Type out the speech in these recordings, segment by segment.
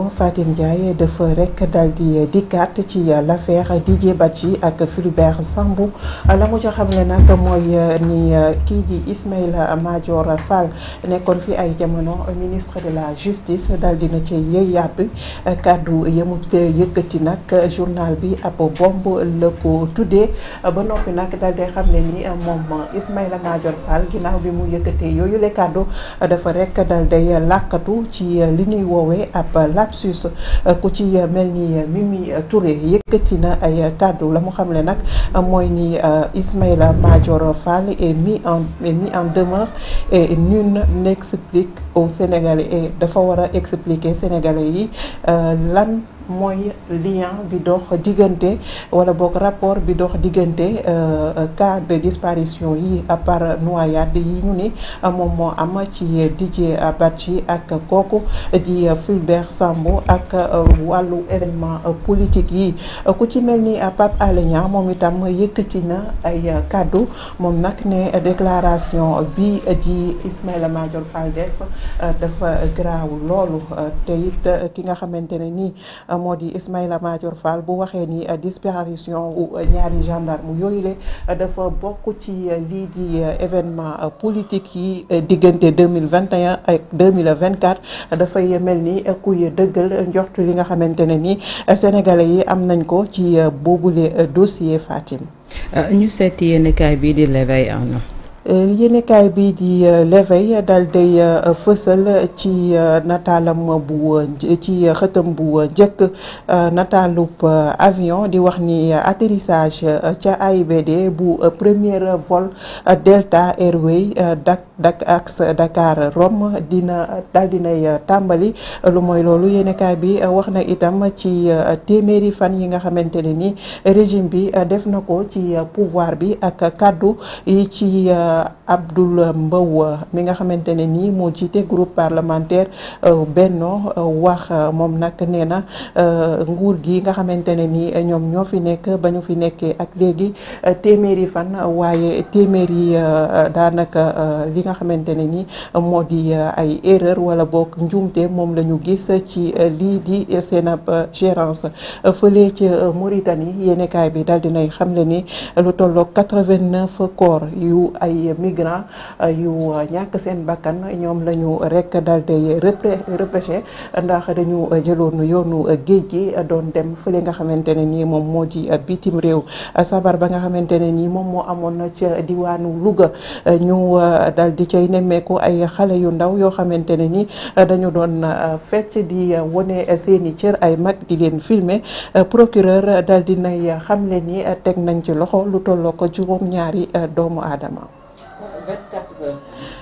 info Fatim Ndiaye dafa rek daal di dikkaat ci di Didier ji ak Fulbert Sambou la mu ci xam ne nag mooy euh, ni euh, kii di Ismaïla Madior Fall nekkoon fi ay jamono ministre de la justice daal dina ci yëyàbbi kàddu yamu yëkkati nag journal bi ab bomb la ko tuddee ba noppi nag daal di xam ne ni moom Ismaïla Madior Fall ginnaaw bi mu yëkkatee yooyu le kàddu dafa rek daal day làkkatu ci li ñuy woowee ab lapsus euh, ku ci euh, mel ni euh, Mimi Touré yëkkati na ay kàddu la mu xam ne nag mooy ni Ismaïla Madior Fall est mis en est mis en demeure et nul n'explique aux Sénégalais et dafa war a expliquer Sénégalais yi lan. mooy lien bi dox diggante wala bok rapport bi dox euh cas de disparition yi par noyade yi ñu ni euh, moom moo am ci Didier Badji ak koku di Fulbert Sambou ak euh, walu événement politique yi ku ci melni Pape Alé Niang moom itam yëkëti na ay kàddu mom nak né déclaration bi di ismaël Madior Fall def euh, dafa garaaw loolu té it ki nga xamanténi ni modi Ismaïla Madior Fall bu waxé ni disparition ou ñaari gendarme yooyu le dafa bokku ci li di événement politique yi diggante 2021 ak 2024 dafay mel ni kuy dëggal njortu li nga xamante ni sénégalais yi am nañ ko ci bobulé dossier Fatim ah, ñu seeti yéen kaay bi di l'éveil en Euh, yéenekaay bii di euh, l'éveil dal day euh, fësal ci nataalam bu ci xëtam bu njëkk nataalub avion di wax ni atterrissage ca AIBD bu premier vol Delta Airways dak dak aks Dakar Rome dina dal dinay tàmbali lu mooy loolu yéenekaay bi wax na itam ci téeméeri fan yi nga xamante ne ni régime bi def na ko ci pouvoir bi ak kàddu yi ci Euh, Abdoul Mbow euh, mi nga xamante ne nii moo jiite groupe parlementaire euh, Benno wax moom nag nee na nguur gi nga xamante ne nii ñoom ñoo fi nekk ba ñu fi nekkee ak léegi téeméeri fan waaye téeméeri daanaka li nga xamante ne nii moo di ay erreur wala boog njuumte moom la ñu gis ci lii di seen ab gérance fële ci Mauritanie yéenekaay bi daal dinay xamle ni lu tolloog quatre-vingt-neuf corps yu ay migrants euh, yu euh, ñàkk seen bakkan ñoom lañu ñu rek dal di ndax dañu jëloon yoonu géej gi doon dem fële nga xamante ne nii moom moo ji bitim réew sabar ba nga xamante ne nii moom moo amoon ca diwaanu Louga ñu euh, dal di cay nemmeeku ay xale yu ndaw yoo xamante ne nii dañu doon fecc di wone seeni cër ay mag di leen filmer procureur dal di nay xamle nii teg nañ ci loxo lu tolloo ko juróom ñaari doomu aadama vingt quatre heures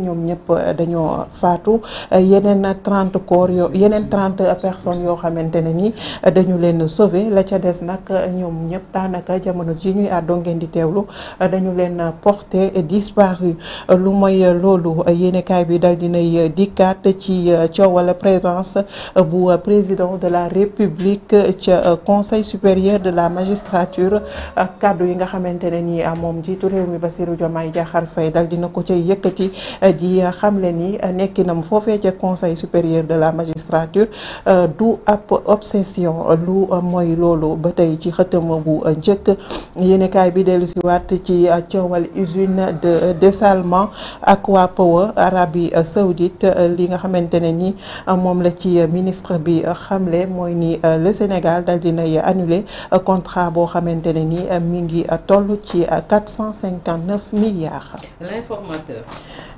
ñom ñëpp euh, dañoo faatu euh, yenen 30 corps yo yenen 30 personnes yo xamantene ni euh, dañu leen sauver la ca dess nak ñom ñëpp daanaka jamono ji ñuy àddoo ngeen di teewlu dañu leen porté disparu lu lolu yene kay bi dal dinay dikkaat ci coowal présence bu président de la république ci conseil supérieur de la magistrature ak yi nga xamante ne ni moom jiitu réew mi Bassirou Diomaye Diakhar fay dal dina ko cay yëkkati di xamle ni euh, nekkinam fofé ci conseil supérieur de la magistrature euh, du ab obsession euh, lu moy lolu batay ci xëtam bu yene kay bi dellu ci wat ci coowal usine de dessalement Aqua Power Arabie Saoudite li nga xamante ne ni moom la ci ministre bi xamle moy ni le Sénégal dal dinay annuler contrat bo xamante ni mi ngi toll ci 459 milliards. L'informateur.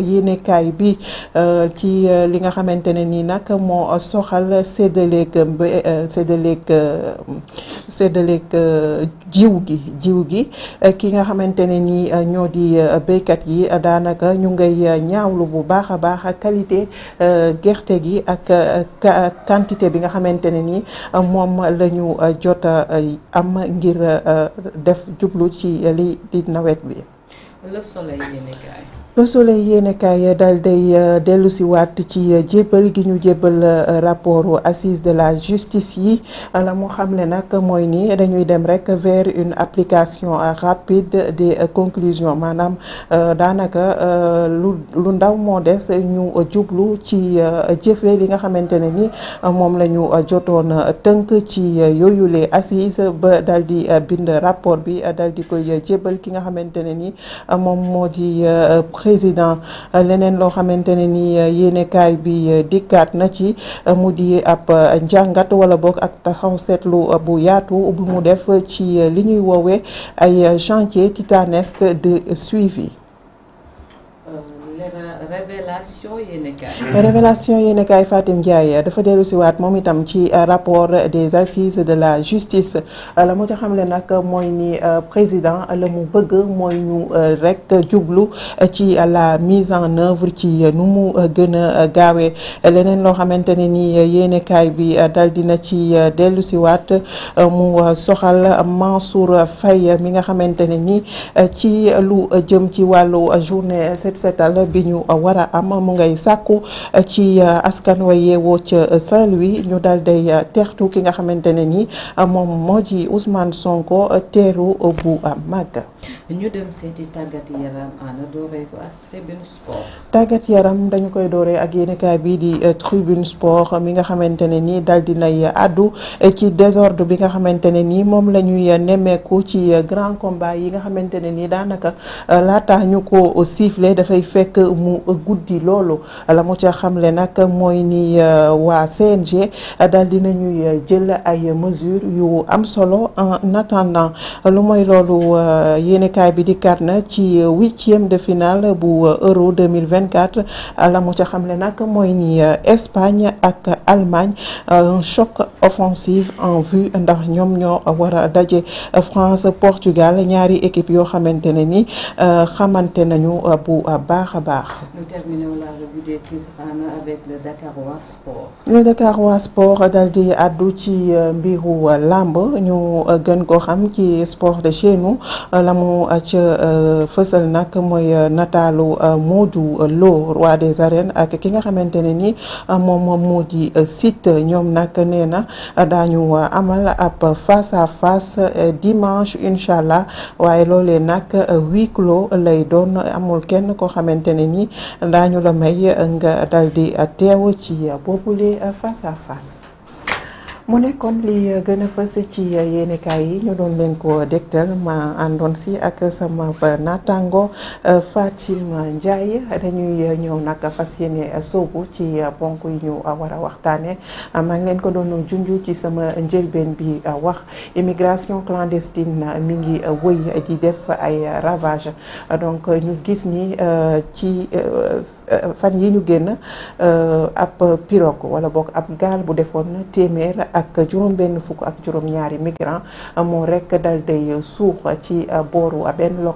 yéenekaay bi euh, ci euh, li nga xamante ne nii nag moo soxal séddaleeg euh, séddaleeg séddaleeg jiw gi jiw gi ki nga xamante ne nii ñoo di béykat yi daanaka ñu ngay ñaawlu bu baax a baax qualité gerte gi ak quantité bi nga xamante ne nii moom la jot am ngir def jublu ci li di nawet bi. le soleil yéenekaay daal day euh, dellu si ci euh, jébbal gi ñu jébbal euh, rapport assise de la justice yi la mu xamle nag mooy nii dañuy dem rek vers une application rapide des conclusions maanaam daanaka lu lu ndaw moo des ñu jublu ci jëfee li nga xamante ne ni moom la ñu jotoon tënk ci yooyule assise ba daal di bind rapport bi daal di koy jébbal ki nga xamante ne ni moom moo di président euh, leneen loo xamante ne ni euh, yéenekaay bi euh, dikkaat na ci mu di ab njàngat wala boog ak taxaw seetlu bu yaatu bu mu def ci li ñuy woowee ay chantier titanesque de suivi Révélation Yénékay. Révélation Fatim Ndiaye dafa dellu si ci euh, rapport des assises de la justice euh, la mo Moini xam le nag Moinu ni euh, président le mu bëgg moy ñu rek jublu ci la mise en œuvre ci nu mu gën gaawé gaawee leneen loo xamante ni bi dal dina ci mu soxal Mansour Faye mi nga xamanteni ni ci lu jëm ci walu journée setal bi ñu war a am mu ngay sàkku eh, ci eh, askan wa yeewoo ca eh, Saint-Louis ñu daal day teertu ki nga xamante ne ni moom moo ci usmaan Sonko teeru bu màgg ñu dem seeti tàggat yaram dañu koy dooree ak yéenekaay bii di eh, tribune sport mi nga xamante ne nii daal di nay àddu eh, ci désorde bi nga xamante ne nii moom la ñuy nemmeeku ci eh, grand combat yi nga xamante ne nii daanaka laata ñu ko siffler dafay fekk mu guddi loolu la mu ca xamle nag mooy ni waa CNG dal di nañuy jël ay mesure yu am solo en attendant lu mooy loolu yéenekaay yéenekaay bi dikkaat na ci huitième de finale bu euro 2024 la mu ca xamle nag mooy ni Espagne ak Allemagne euh, un offensive en vue ndax ñom ñoo wara dajé France Portugal ñaari équipe yo xamante ne ni euh, nañu euh, bu euh, baaxa baax. Nous terminons la revue des titres avec le Dakarois Sport. Le Dakarois Sport daldi di ci mbiru lamb ñu gën ko xam ci sport de chez nous la mu ca fësal nag mooy nataalu Modou Lo roi des arènes ak ki nga xamante ne ni moom moo di Siteu ñoom daañu euh, amal ab face à face euh, dimanche incha allah waaye loolee nag euh, huis clos lay doon amul kenn koo xamante ne ni daañu la may nga dal di teew ci boobule face à face. mu nekkoon li gën a fës ci yéenekaay yi ñu doon leen ko dégtal ma àndoon si ak sama naataango euh, Fatima Ndiaye dañuy euh, ñëw nag fas yéene soobu ci euh, ponk yi ñu war a waxtaanee maa ngi leen ko doon junju ci sama njëlbeen bi a wax immigration clandestine mi ngi wëy di def ay ravage donc ñu gis ni ci. Euh, fan yi ñu génn euh, ab pirogue wala boog ab gaal bu defoon téeméer ak juróom-benn fukk ak juróom-ñaari migrants moo rek dal day suux ci booru benn